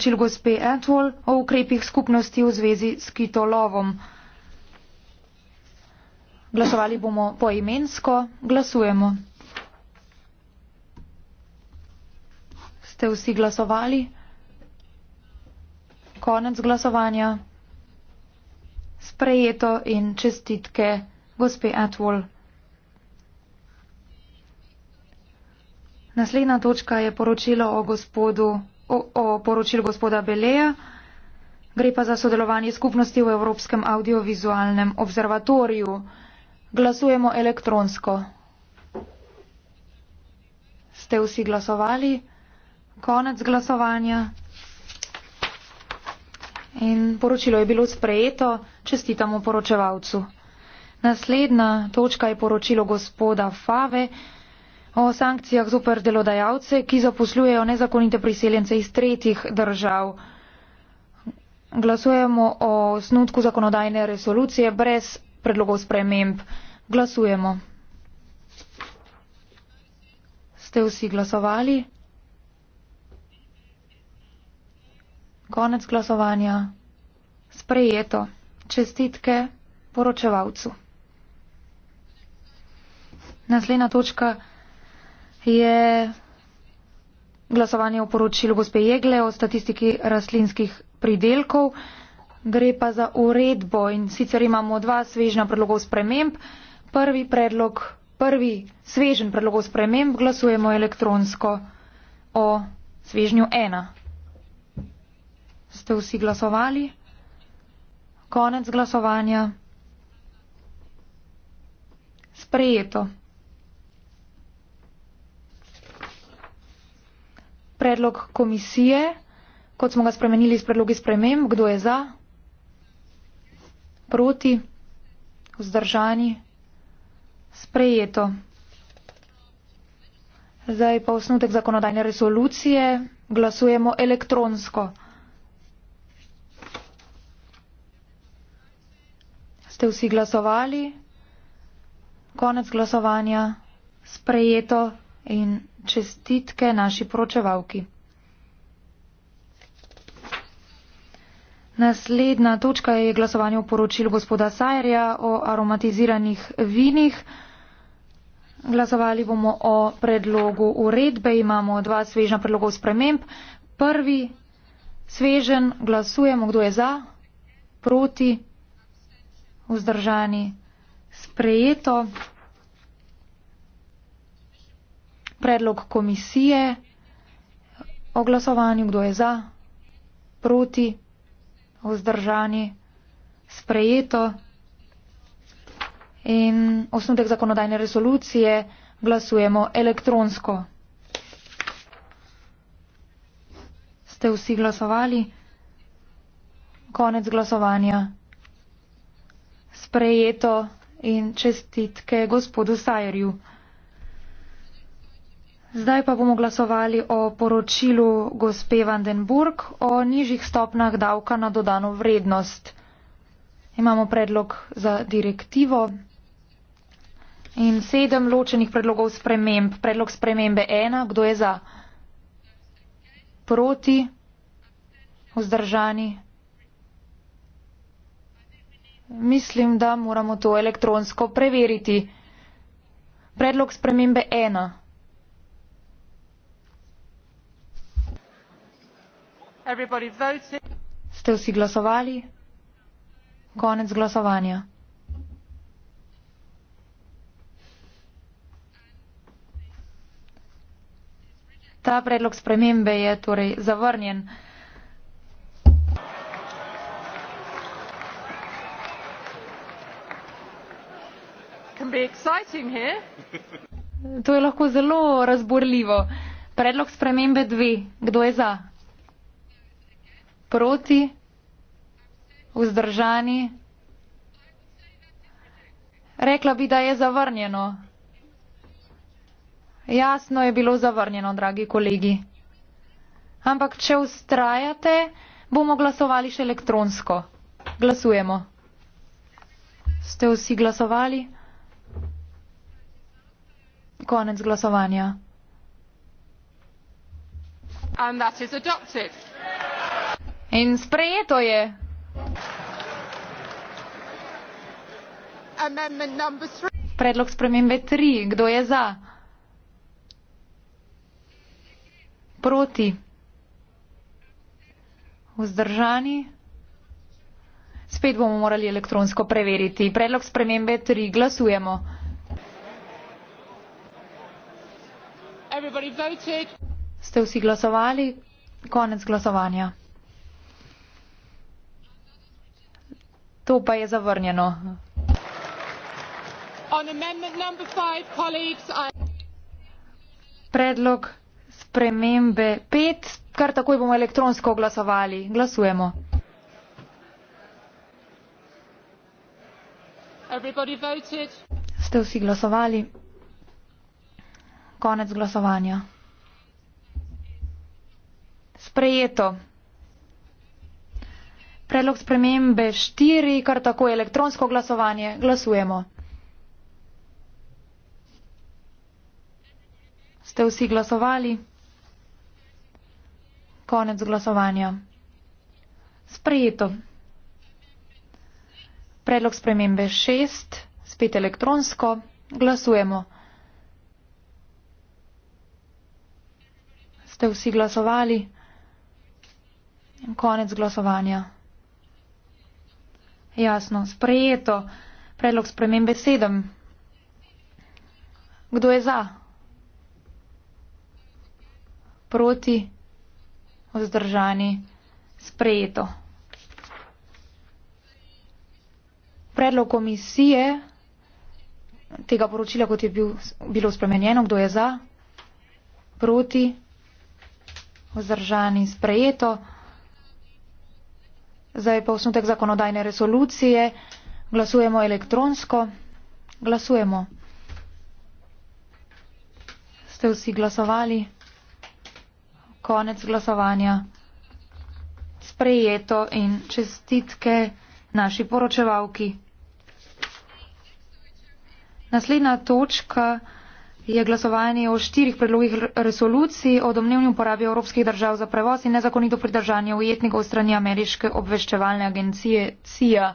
poročil gospe Atwell o ukrepih skupnosti v zvezi s kitolovom. Glasovali bomo poimensko. Glasujemo. Ste vsi glasovali? Konec glasovanja. Sprejeto in čestitke gospe Atwell. Naslednja točka je poročilo o gospodu poročil gospoda Beleja. Gre pa za sodelovanje skupnosti v Evropskem audiovizualnem observatoriju. Glasujemo elektronsko. Ste vsi glasovali? Konec glasovanja. In poročilo je bilo sprejeto. Čestitamo poročevalcu. Naslednja točka je poročilo gospoda Fave o sankcijah zoper delodajalce, ki zaposlujejo nezakonite priseljence iz tretjih držav. Glasujemo o snutku zakonodajne resolucije brez predlogov sprememb. Glasujemo. Ste vsi glasovali? Konec glasovanja. Sprejeto. Čestitke poročevalcu. Naslednja točka je glasovanje o poročilu gospe Jegle o statistiki rastlinskih pridelkov. Gre pa za uredbo in sicer imamo dva svežna predlogov sprememb. Prvi predlog, prvi svežen predlogov sprememb glasujemo elektronsko o svežnju 1. Ste vsi glasovali? Konec glasovanja. Sprejeto. predlog komisije, kot smo ga spremenili s predlogi sprememb. Kdo je za? Proti? Vzdržani? Sprejeto. Zdaj pa osnutek zakonodajne resolucije. Glasujemo elektronsko. Ste vsi glasovali? Konec glasovanja. Sprejeto in čestitke naši poročevalki. Naslednja točka je glasovanje o poročilu gospoda Sajerja o aromatiziranih vinih. Glasovali bomo o predlogu uredbe. Imamo dva svežna predlogov sprememb. Prvi svežen glasujemo, kdo je za, proti, vzdržani, sprejeto. predlog komisije o glasovanju, kdo je za, proti, vzdržani, sprejeto in osnutek zakonodajne resolucije glasujemo elektronsko. Ste vsi glasovali? Konec glasovanja. Sprejeto in čestitke gospodu Sajerju. Zdaj pa bomo glasovali o poročilu gospe Vandenburg o nižjih stopnah davka na dodano vrednost. Imamo predlog za direktivo in sedem ločenih predlogov sprememb. Predlog spremembe ena, kdo je za? Proti? Vzdržani? Mislim, da moramo to elektronsko preveriti. Predlog spremembe ena. ste vsi glasovali? Konec glasovanja. Ta predlog spremembe je torej zavrnjen. To je lahko zelo razborljivo. Predlog spremembe dve. Kdo je za? proti, vzdržani. Rekla bi, da je zavrnjeno. Jasno je bilo zavrnjeno, dragi kolegi. Ampak, če ustrajate, bomo glasovali še elektronsko. Glasujemo. Ste vsi glasovali? Konec glasovanja. And that is adopted. In sprejeto je. Predlog spremembe 3. Kdo je za? Proti. Vzdržani. Spet bomo morali elektronsko preveriti. Predlog spremembe 3. Glasujemo. Ste vsi glasovali? Konec glasovanja. To pa je zavrnjeno. Predlog spremembe 5, kar takoj bomo elektronsko glasovali. Glasujemo. Ste vsi glasovali? Konec glasovanja. Sprejeto. Predlog spremembe štiri, kar tako elektronsko glasovanje, glasujemo. Ste vsi glasovali? Konec glasovanja. Sprejeto. Predlog spremembe šest, spet elektronsko, glasujemo. Ste vsi glasovali? Konec glasovanja. Jasno, sprejeto. Predlog spremembe sedem. Kdo je za? Proti? Vzdržani? Sprejeto. Predlog komisije tega poročila, kot je bil, bilo spremenjeno, kdo je za? Proti? Vzdržani? Sprejeto. Zdaj pa osnutek zakonodajne rezolucije. Glasujemo elektronsko. Glasujemo. Ste vsi glasovali? Konec glasovanja. Sprejeto in čestitke naši poročevalki. Naslednja točka je glasovanje o štirih predlogih resolucij o domnevni uporabi evropskih držav za prevoz in nezakonito pridržanje ujetnikov strani ameriške obveščevalne agencije CIA.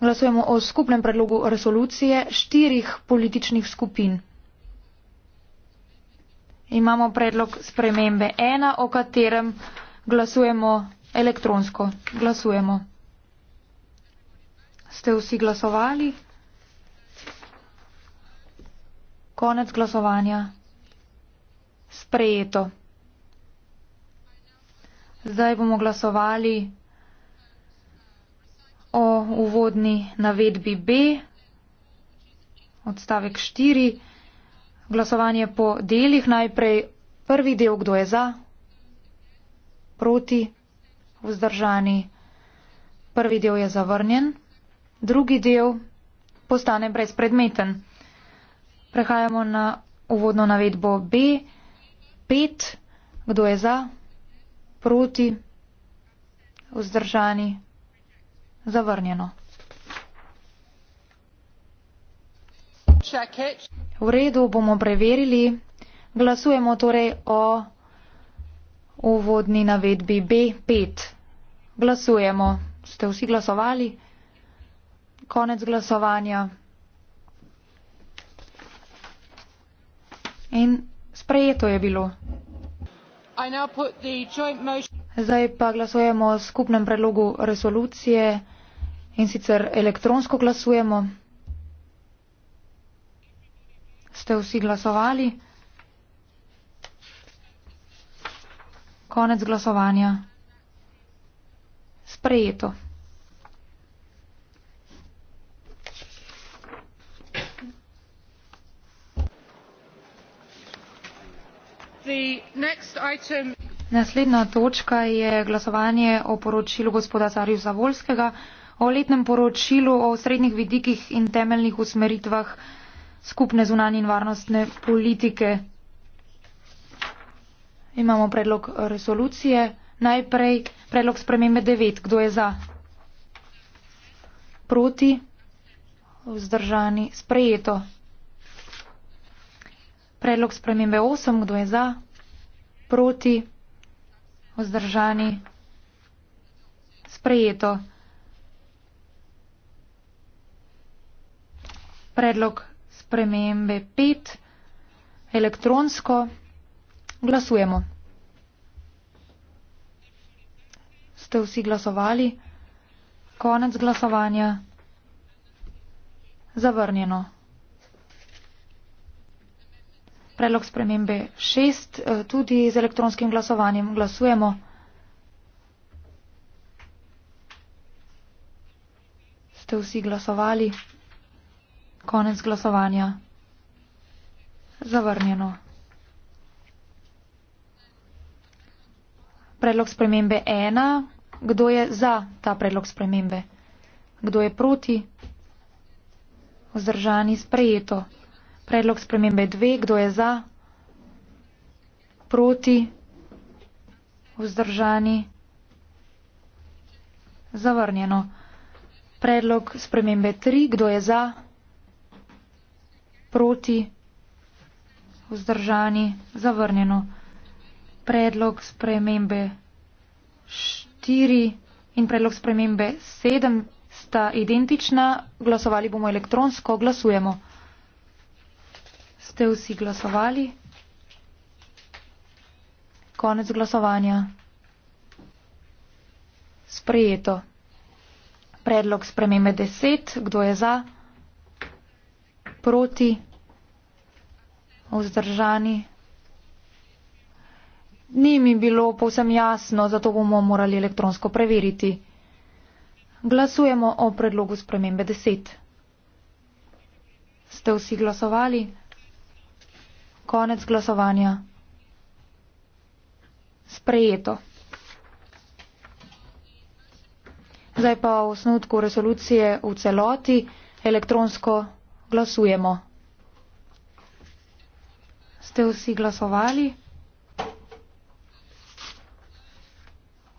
Glasujemo o skupnem predlogu resolucije štirih političnih skupin. Imamo predlog spremembe ena, o katerem glasujemo elektronsko. Glasujemo. Ste vsi glasovali? Konec glasovanja. Sprejeto. Zdaj bomo glasovali o uvodni navedbi B, odstavek 4. Glasovanje po delih. Najprej prvi del, kdo je za, proti, vzdržani. Prvi del je zavrnjen, drugi del postane brezpredmeten. Prehajamo na uvodno navedbo B. Pet. Kdo je za? Proti? Vzdržani? Zavrnjeno. V redu bomo preverili. Glasujemo torej o uvodni navedbi B5. Glasujemo. Ste vsi glasovali? Konec glasovanja. leto je bilo. Zdaj pa glasujemo o skupnem predlogu resolucije in sicer elektronsko glasujemo. Ste vsi glasovali? Konec glasovanja. Sprejeto. Naslednja točka je glasovanje o poročilu gospoda Zarju Zavolskega, o letnem poročilu o srednjih vidikih in temeljnih usmeritvah skupne zunanje in varnostne politike. Imamo predlog resolucije. Najprej predlog spremembe 9. Kdo je za? Proti? Vzdržani? Sprejeto. Predlog spremembe 8. Kdo je za? proti, vzdržani, sprejeto. Predlog spremembe 5 elektronsko glasujemo. Ste vsi glasovali? Konec glasovanja. Zavrnjeno predlog spremembe šest, eh, tudi z elektronskim glasovanjem glasujemo. Ste vsi glasovali? Konec glasovanja. Zavrnjeno. Predlog spremembe ena. Kdo je za ta predlog spremembe? Kdo je proti? Vzdržani sprejeto predlog spremembe dve, kdo je za, proti, vzdržani, zavrnjeno. Predlog spremembe tri, kdo je za, proti, vzdržani, zavrnjeno. Predlog spremembe štiri in predlog spremembe sedem sta identična, glasovali bomo elektronsko, glasujemo ste vsi glasovali? Konec glasovanja. Sprejeto. Predlog spremembe 10. Kdo je za? Proti? Vzdržani? Ni mi bilo povsem jasno, zato bomo morali elektronsko preveriti. Glasujemo o predlogu spremembe 10. Ste vsi glasovali? Konec glasovanja. Sprejeto. Zdaj pa v osnutku resolucije v celoti elektronsko glasujemo. Ste vsi glasovali?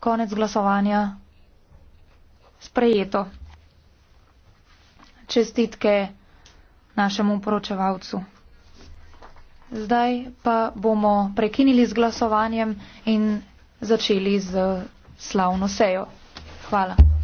Konec glasovanja. Sprejeto. Čestitke našemu poročevalcu. Zdaj pa bomo prekinili z glasovanjem in začeli z slavno sejo. Hvala.